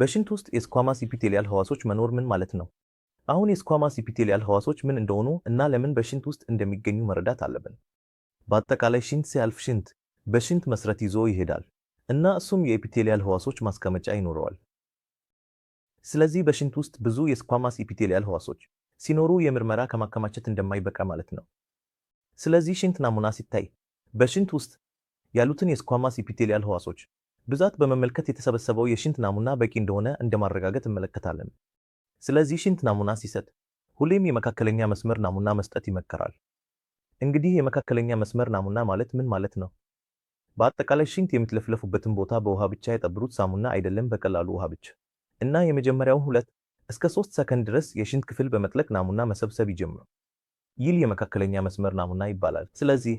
በሽንት ውስጥ የስኳማስ ኢፒቴሊያል ህዋሶች መኖር ምን ማለት ነው? አሁን የስኳማስ ኢፒቴሊያል ህዋሶች ምን እንደሆኑ እና ለምን በሽንት ውስጥ እንደሚገኙ መረዳት አለብን። በአጠቃላይ ሽንት ሲያልፍ ሽንት በሽንት መስረት ይዞ ይሄዳል እና እሱም የኢፒቴሊያል ህዋሶች ማስቀመጫ ይኖረዋል። ስለዚህ በሽንት ውስጥ ብዙ የስኳማስ ኢፒቴሊያል ህዋሶች ሲኖሩ የምርመራ ከማከማቸት እንደማይበቃ ማለት ነው። ስለዚህ ሽንት ናሙና ሲታይ በሽንት ውስጥ ያሉትን የስኳማስ ኢፒቴሊያል ህዋሶች ብዛት በመመልከት የተሰበሰበው የሽንት ናሙና በቂ እንደሆነ እንደማረጋገጥ እንመለከታለን። ስለዚህ ሽንት ናሙና ሲሰጥ ሁሌም የመካከለኛ መስመር ናሙና መስጠት ይመከራል። እንግዲህ የመካከለኛ መስመር ናሙና ማለት ምን ማለት ነው? በአጠቃላይ ሽንት የምትለፍለፉበትን ቦታ በውሃ ብቻ የጠብሩት ሳሙና አይደለም። በቀላሉ ውሃ ብቻ እና የመጀመሪያውን ሁለት እስከ ሶስት ሰከንድ ድረስ የሽንት ክፍል በመጥለቅ ናሙና መሰብሰብ ይጀምሩ። ይህ የመካከለኛ መስመር ናሙና ይባላል። ስለዚህ